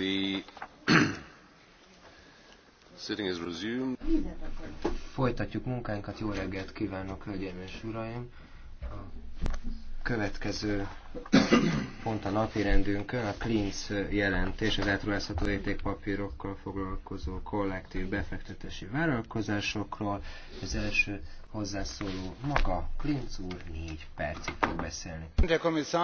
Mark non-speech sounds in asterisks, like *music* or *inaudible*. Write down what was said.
The *clears throat* sitting is resumed. Folytatjuk munkánkat, jó reggelt kívánok, hölgyeim és uraim! A következő *clears throat* pont a rendünkön a CLINS jelentés, az átruházható értékpapírokkal foglalkozó kollektív befektetési vállalkozásokról. Az első hozzászóló maga, CLINS úr, négy percig fog beszélni.